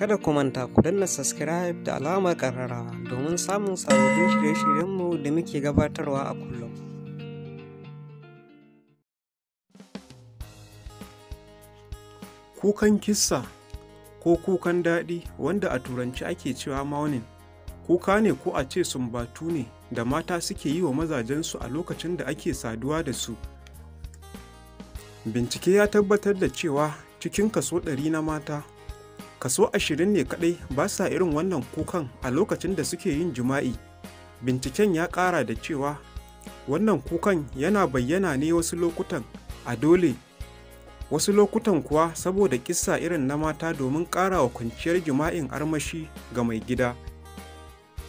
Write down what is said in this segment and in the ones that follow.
Kada ku manta ku danna subscribe da alamar ƙararrawa domin samun sabbin shirye-shiryenmu da muke gabatarwa a kullum. Kukan kissa ko kukan daɗi wanda a turanci ake cewa maunin kuka ne ko a ce sumbatu ne da mata suke yi wa mazajensu a lokacin da ake saduwa da su. Bincike ya tabbatar da cewa cikin kaso ɗari na mata kaso ashirin ne kaɗai ba sa irin wannan kukan a lokacin da suke yin jima'i binciken ya ƙara da cewa wannan kukan yana bayyana ne wasu lokutan a dole wasu lokutan kuwa saboda kissa irin na mata domin ƙara wa kwanciyar jima'in armashi ga mai gida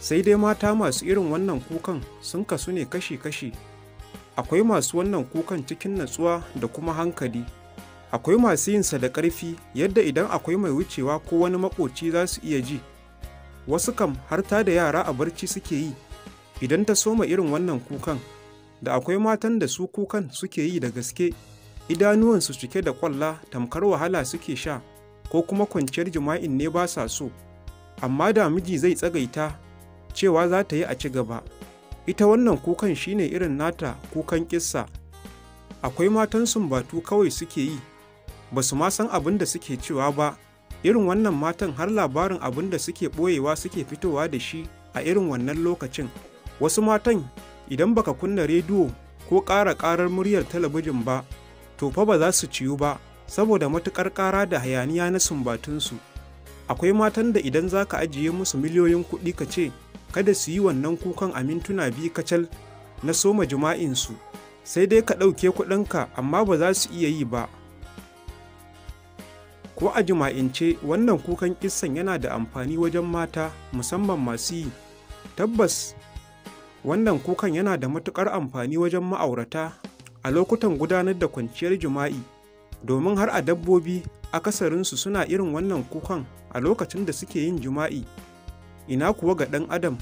sai dai mata masu irin wannan kukan sun kasu ne kashi-kashi akwai masu wannan kukan cikin natsuwa da kuma hankali akwai masu yinsa da ƙarfi yadda idan akwai mai wucewa ko wani makoci za su iya ji wasu kam har ta da yara a barci suke yi idan ta soma irin wannan kukan da akwai matan da su kukan suke yi da gaske idanuwansu cike da kwalla tamkar wahala suke sha ko kuma kwanciyar jima'in ne ba sa so amma da miji zai tsagaita cewa za ta yi a ci gaba ita wannan kukan shine irin nata kukan kissa akwai matan sumbatu kawai suke yi ba su ma san abin da suke cewa ba irin wannan matan har labarin abin da suke ɓoyewa suke fitowa da shi a irin wannan lokacin wasu matan idan ba ka kunna rediyo ko ƙara ƙarar muryar talabijin ba to fa ba za su ciyu ba saboda matuƙar ƙara da hayaniya na sumbatunsu akwai matan da idan za ka ajiye musu miliyoyin kuɗi ka ce kada su yi wannan kukan a mintuna biyu kacal na soma jima'insu sai dai ka ɗauke kuɗinka amma ba za su iya yi ba ko a jima'ince wannan kukan kissan yana da amfani wajen mata musamman masu yi tabbas wannan kukan yana da matuƙar amfani wajen ma'aurata a lokutan gudanar da kwanciyar jima'i domin har a dabbobi akasarinsu suna irin wannan kukan a lokacin da suke yin jima'i ina kuwa ga ɗan adam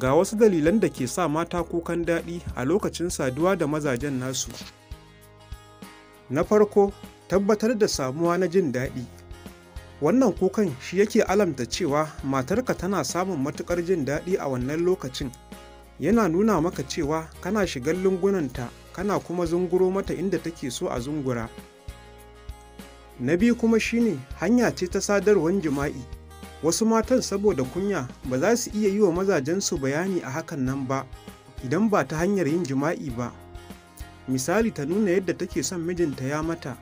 ga wasu dalilan da ke sa mata kukan daɗi a lokacin saduwa da mazajen nasu na farko tabbatar da samuwa na jin daɗi wannan kukan shi yake alamta cewa matarka tana samun matuƙar jin daɗi a wannan lokacin yana nuna maka cewa kana shigar lungunanta kana kuma zunguro mata inda take so a zungura na biyu kuma shine hanya ce ta sadarwar jima'i wasu matan saboda kunya ba za su iya yi wa mazajensu bayani a hakan nan ba idan ba ta hanyar yin jima'i ba misali ta nuna yadda take son mijinta ya mata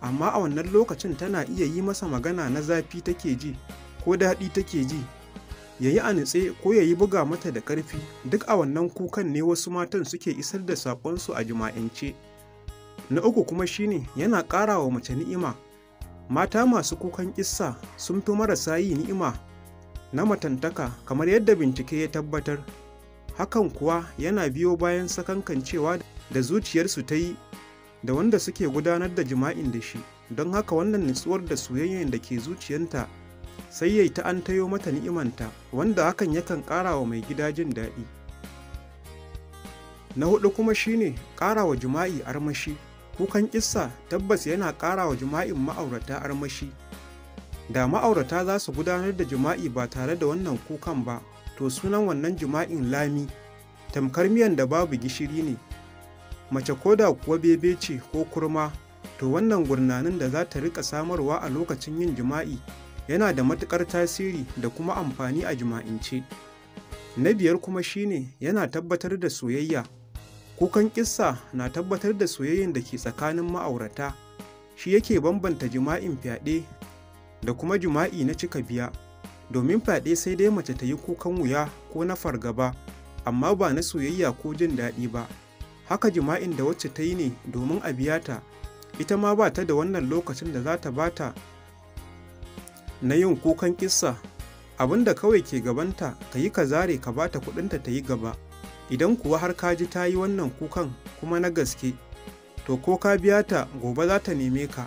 amma a wannan lokacin tana iya yi masa magana na zafi take ji ko daɗi take ji ya yi a nutse ko ya yi buga mata da ƙarfi duk a wannan kukan ne wasu matan suke isar da saƙonsu a jima'ince. na uku kuma shine yana ƙara wa mace ni'ima mata masu kukan ƙissa sun fi marasa yi ni'ima na matantaka kamar yadda bincike ya tabbatar hakan kuwa yana biyo bayan sakankancewa da zuciyarsu ta yi da wanda suke gudanar da jima'in da shi don haka wannan nutsuwar da soyayyen da ke zuciyanta sai yayi ta an tayo mata ni'imanta wanda hakan yakan ƙara wa mai gida jin daɗi na hudu kuma shine ƙara wa jima'i armashi kukan kissa tabbas yana ƙara wa jima'in ma'aurata armashi da ma'aurata za su gudanar da jima'i ba tare da wannan kukan ba to sunan wannan jima'in lami tamkar miyan da babu gishiri ne mace ko da kuwa bebe ce ko kurma to wannan gurnanin da za ta rika samarwa a lokacin yin jima'i yana da matukar tasiri da kuma amfani a jima'ince na biyar kuma shine yana tabbatar da soyayya kukan kissa na tabbatar da soyayyen da ke tsakanin ma'aurata shi yake bambanta jima'in fyaɗe da kuma jima'i na cika biya domin fyaɗe sai dai mace ta yi kukan wuya ko na fargaba amma ba na soyayya ko jin daɗi ba haka jima'in da wacce ta yi ne domin a biya ta ita ma ba ta da wannan lokacin da za ta bata na yin kukan kissa abin da kawai ke gabanta ka yi ka zare ka bata kudinta ta yi gaba idan kuwa har ka ji ta yi wannan kukan kuma na gaske to ko ka biya ta gobe za ta neme ka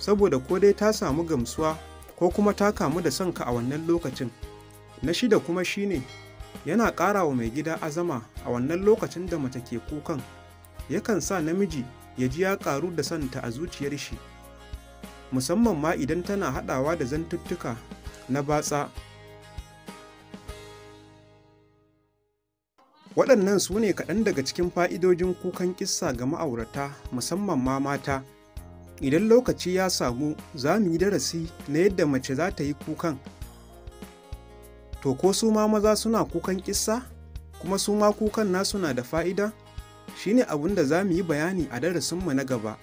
saboda ko dai ta samu gamsuwa ko kuma ta kamu da son ka a wannan lokacin na shida kuma shine yana ƙara wa mai gida azama a wannan lokacin da mace ke kukan yakan sa namiji ya ji ya ƙaru da santa a zuciyar shi musamman ma idan tana haɗawa da zantuttuka na batsa waɗannan su ne kaɗan daga cikin fa'idojin kukan kissa ga ma'aurata musamman ma mata idan lokaci ya samu za mu yi darasi na yadda mace za ta yi kukan to ko su ma maza suna kukan kissa kuma su ma kukan nasu na da fa'ida shine abin da za mu yi bayani a darasinmu na gaba.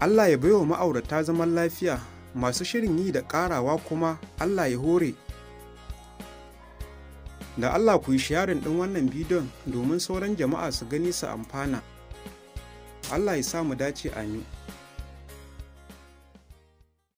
Allah ya baiwa ma'aurata zaman lafiya masu shirin yi da ƙarawa kuma Allah ya hore. Da Allah ku yi sharin ɗin wannan bidiyon domin sauran jama'a su gani su amfana. Allah ya sa mu dace amin.